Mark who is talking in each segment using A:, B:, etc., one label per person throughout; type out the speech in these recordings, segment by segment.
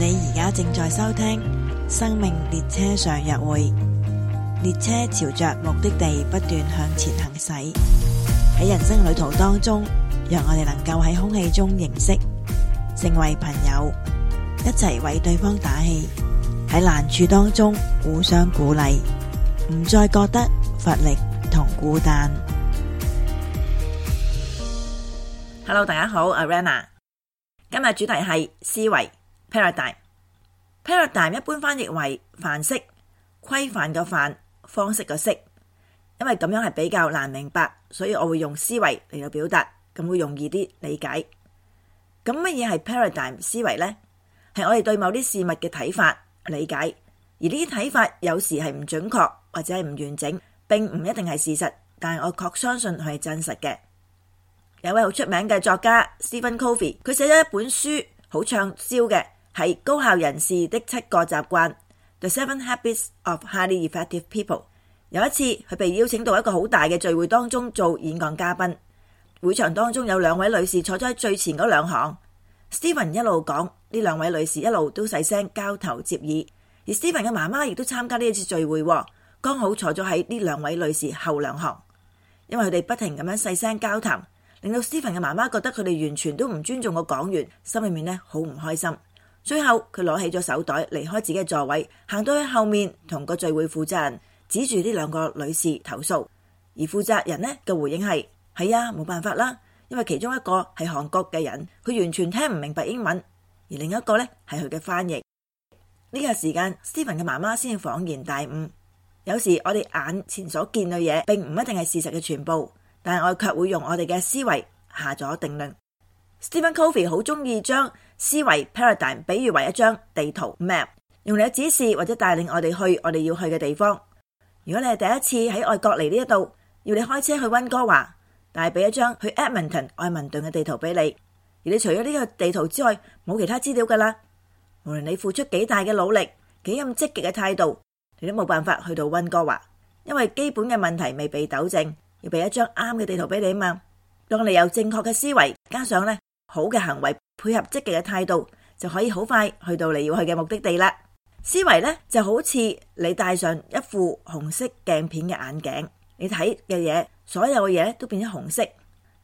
A: 你而家正在收聽生命列車上約會，列車朝着目的地不斷向前行駛。喺人生旅途當中，讓我哋能夠喺空氣中認識，成為朋友，一齊為對方打氣。喺難處當中互相鼓勵，唔再覺得乏力同孤單。Hello，大家好，阿 Rana，今日主題係思維。Paradigm，Paradigm 一般翻譯為範式、規範嘅範、方式嘅式，因為咁樣係比較難明白，所以我會用思維嚟到表達，咁會容易啲理解。咁乜嘢係 Paradigm 思維呢？係我哋對某啲事物嘅睇法、理解，而呢啲睇法有時係唔準確或者係唔完整，並唔一定係事實，但係我確相信佢係真實嘅。有位好出名嘅作家 Stephen Covey，佢寫咗一本書好暢銷嘅。係高效人士的七個習慣。The Seven Habits of Highly Effective People。有一次，佢被邀請到一個好大嘅聚會當中做演講嘉賓。會場當中有兩位女士坐咗喺最前嗰兩行。Stephen 一路講，呢兩位女士一路都細聲交頭接耳。而 Stephen 嘅媽媽亦都參加呢一次聚會，剛好坐咗喺呢兩位女士後兩行。因為佢哋不停咁樣細聲交談，令到 Stephen 嘅媽媽覺得佢哋完全都唔尊重個講員，心裏面呢好唔開心。最後佢攞起咗手袋，離開自己嘅座位，行到去後面同個聚會負責人指住呢兩個女士投訴，而負責人呢嘅回應係：係啊，冇辦法啦，因為其中一個係韓國嘅人，佢完全聽唔明白英文，而另一個呢係佢嘅翻譯。呢個時間，Stephen 嘅媽媽先至恍然大悟。有時我哋眼前所見嘅嘢，並唔一定係事實嘅全部，但係我卻會用我哋嘅思維下咗定論。Stephen Covey 好鍾意將。思維 paradigm，比喻為一張地圖 map，用嚟指示或者帶領我哋去我哋要去嘅地方。如果你係第一次喺外國嚟呢一度，要你開車去溫哥華，但係俾一張去 Edmonton 愛民頓嘅地圖俾你。而你除咗呢個地圖之外，冇其他資料噶啦。無論你付出幾大嘅努力，幾咁積極嘅態度，你都冇辦法去到溫哥華，因為基本嘅問題未被糾正，要俾一張啱嘅地圖俾你啊嘛。當你有正確嘅思維，加上咧。好嘅行為配合積極嘅態度，就可以好快去到你要去嘅目的地啦。思維咧就好似你戴上一副紅色鏡片嘅眼鏡，你睇嘅嘢所有嘅嘢都變咗紅色。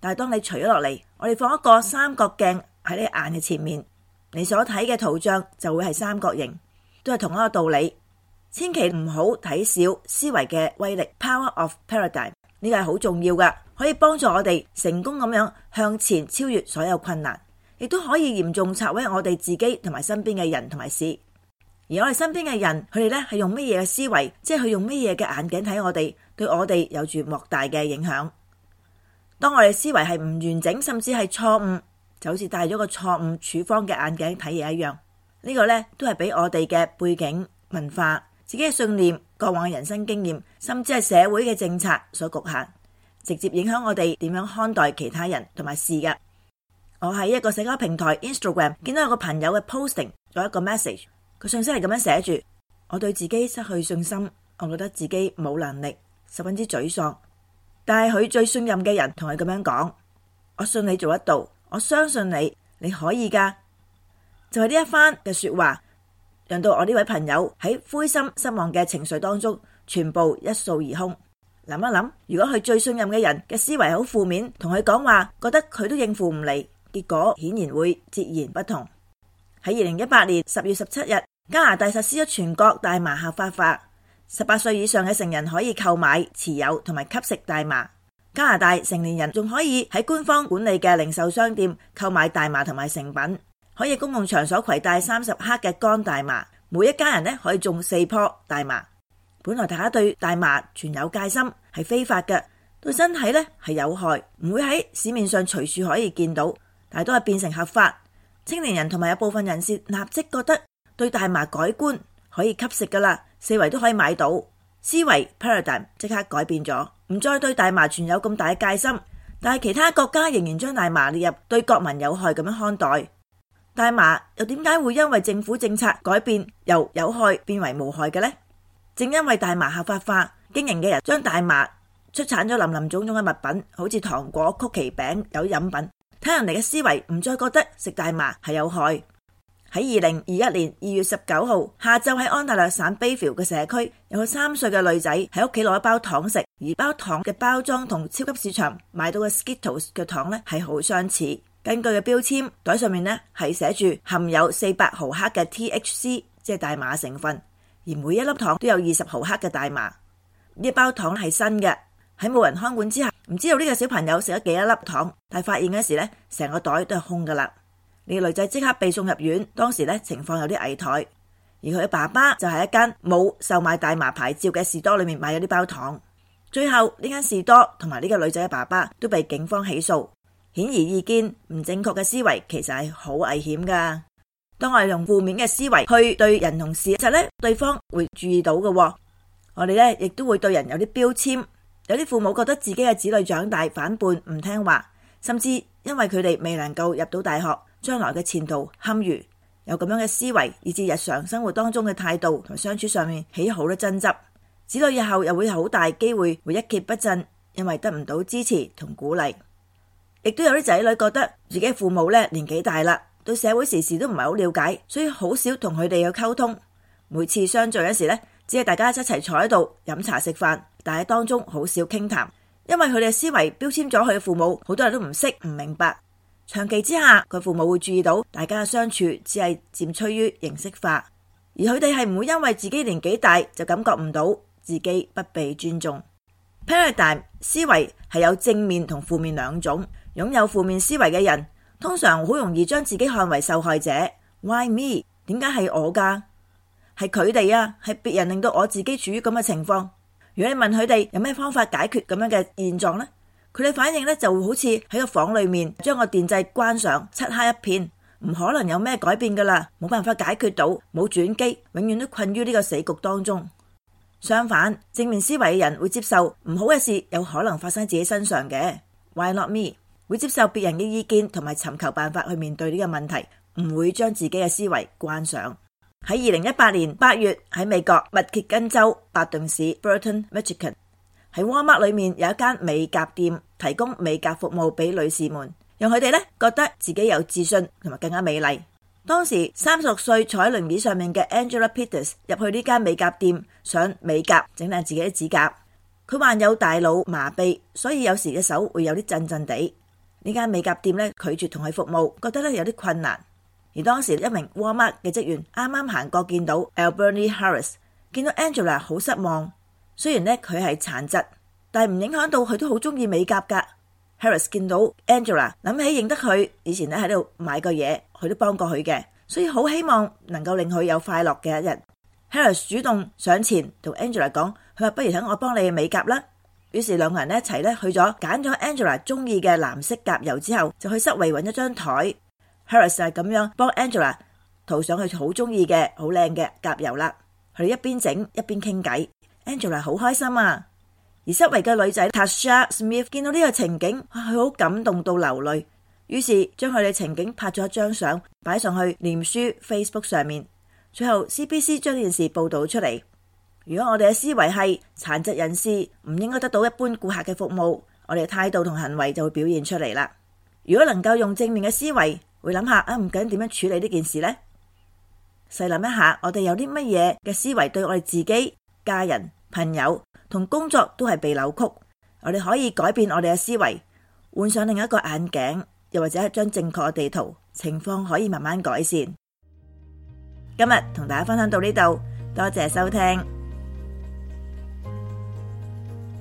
A: 但係當你除咗落嚟，我哋放一個三角鏡喺你眼嘅前面，你所睇嘅圖像就會係三角形，都係同一個道理。千祈唔好睇小思維嘅威力 （Power of Paradigm），呢個係好重要噶。可以幫助我哋成功咁樣向前超越所有困難，亦都可以嚴重拆毀我哋自己同埋身邊嘅人同埋事。而我哋身邊嘅人，佢哋咧係用乜嘢嘅思維，即係佢用乜嘢嘅眼鏡睇我哋，對我哋有住莫大嘅影響。當我哋思維係唔完整，甚至係錯誤，就好似戴咗個錯誤處方嘅眼鏡睇嘢一樣。這個、呢個咧都係俾我哋嘅背景、文化、自己嘅信念、過往嘅人生經驗，甚至係社會嘅政策所局限。直接影響我哋點樣看待其他人同埋事嘅。我喺一個社交平台 Instagram 見到有個朋友嘅 posting，有一個 message。佢信息係咁樣寫住：我對自己失去信心，我覺得自己冇能力，十分之沮喪。但係佢最信任嘅人同佢咁樣講：我信你做得到，我相信你，你可以㗎。就係呢一番嘅説話，令到我呢位朋友喺灰心失望嘅情緒當中，全部一掃而空。諗一諗，如果佢最信任嘅人嘅思維好負面，同佢講話，覺得佢都應付唔嚟，結果顯然會截然不同。喺二零一八年十月十七日，加拿大實施咗全國大麻合法化，十八歲以上嘅成人可以購買、持有同埋吸食大麻。加拿大成年人仲可以喺官方管理嘅零售商店購買大麻同埋成品，可以公共場所攜帶三十克嘅乾大麻，每一家人呢可以種四棵大麻。本來大家對大麻存有戒心，係非法嘅，對身體呢係有害，唔會喺市面上隨處可以見到。但係都係變成合法，青年人同埋有部分人士立即覺得對大麻改觀，可以吸食噶啦，四圍都可以買到，思維 Paradigm 即刻改變咗，唔再對大麻存有咁大嘅戒心。但係其他國家仍然將大麻列入對國民有害咁樣看待，大麻又點解會因為政府政策改變，由有害變為無害嘅呢？正因為大麻合法化，經營嘅人將大麻出產咗林林種種嘅物品，好似糖果、曲奇餅有飲品，睇人哋嘅思維唔再覺得食大麻係有害。喺二零二一年二月十九號下晝喺安大略省 Belleville 嘅社區，有個三歲嘅女仔喺屋企攞一包糖食，而糖包糖嘅包裝同超級市場買到嘅 Skittles 嘅糖咧係好相似。根據嘅標籤袋上面咧係寫住含有四百毫克嘅 THC，即係大麻成分。而每一粒糖都有二十毫克嘅大麻，呢包糖係新嘅，喺冇人看管之下，唔知道呢個小朋友食咗幾多粒糖，但發現嗰時呢，成個袋都係空噶啦。呢、這個女仔即刻被送入院，當時呢情況有啲危殆。而佢嘅爸爸就喺一間冇售賣大麻牌照嘅士多裏面買咗呢包糖。最後呢間士多同埋呢個女仔嘅爸爸都被警方起訴。顯而易見，唔正確嘅思維其實係好危險噶。當我哋用負面嘅思維去對人同事，其實咧對方會注意到嘅。我哋咧亦都會對人有啲標籤，有啲父母覺得自己嘅子女長大反叛唔聽話，甚至因為佢哋未能夠入到大學，將來嘅前途堪虞。有咁樣嘅思維，以至日常生活當中嘅態度同相處上面起好多爭執。子女以後又會有好大機會會一蹶不振，因為得唔到支持同鼓勵。亦都有啲仔女覺得自己父母咧年紀大啦。對社會時事都唔係好了解，所以好少同佢哋有溝通。每次相聚嘅時呢，只係大家一齊坐喺度飲茶食飯，但係當中好少傾談，因為佢哋嘅思維標籤咗佢嘅父母，好多人都唔識唔明白。長期之下，佢父母會注意到大家嘅相處只係漸趨於形式化，而佢哋係唔會因為自己年紀大就感覺唔到自己不被尊重。Paradigm 思維係有正面同負面兩種，擁有負面思維嘅人。通常好容易將自己看為受害者，Why me？點解係我噶？係佢哋啊，係別人令到我自己處於咁嘅情況。如果你問佢哋有咩方法解決咁樣嘅現狀呢？佢哋反應咧就會好似喺個房裏面將個電掣關上，漆黑一片，唔可能有咩改變噶啦，冇辦法解決到，冇轉機，永遠都困於呢個死局當中。相反，正面思維嘅人會接受唔好嘅事有可能發生喺自己身上嘅，Why not me？會接受別人嘅意見，同埋尋求辦法去面對呢個問題，唔會將自己嘅思維關上。喺二零一八年八月喺美國密歇根州巴頓市 （Burton, Michigan） 喺 Walmart 裏面有一間美甲店，提供美甲服務俾女士們，讓佢哋呢覺得自己有自信，同埋更加美麗。當時三十歲坐喺輪椅上面嘅 Angela Peters 入去呢間美甲店，想美甲整靚自己嘅指甲。佢患有大腦麻痹，所以有時嘅手會有啲震震地。呢間美甲店咧拒絕同佢服務，覺得咧有啲困難。而當時一名 Walmart 嘅職員啱啱行過見到 Albernie Harris，見到 Angela 好失望。雖然咧佢係殘疾，但係唔影響到佢都好中意美甲噶。Harris 見到 Angela，諗起認得佢以前咧喺度買過嘢，佢都幫過佢嘅，所以好希望能夠令佢有快樂嘅一日。Harris 主動上前同 Angela 講：「佢話不如等我幫你美甲啦。於是兩個人一齊去咗揀咗 Angela 中意嘅藍色甲油之後，就去室圍揾一張台，Harris 係咁樣幫 Angela 塗上去好中意嘅、好靚嘅甲油啦。佢哋一邊整一邊傾偈，Angela 好開心啊！而室圍嘅女仔 Tasha Smith 見到呢個情景，佢好感動到流淚，於是將佢哋情景拍咗一張相擺上去臉書 Facebook 上面，最後 CBC 將呢件事報道出嚟。如果我哋嘅思維係殘疾人士，唔應該得到一般顧客嘅服務，我哋嘅態度同行為就會表現出嚟啦。如果能夠用正面嘅思維，會諗下啊，唔緊點樣處理呢件事呢？細諗一下，我哋有啲乜嘢嘅思維對我哋自己、家人、朋友同工作都係被扭曲，我哋可以改變我哋嘅思維，換上另一個眼鏡，又或者一張正確嘅地圖，情況可以慢慢改善。今日同大家分享到呢度，多謝收聽。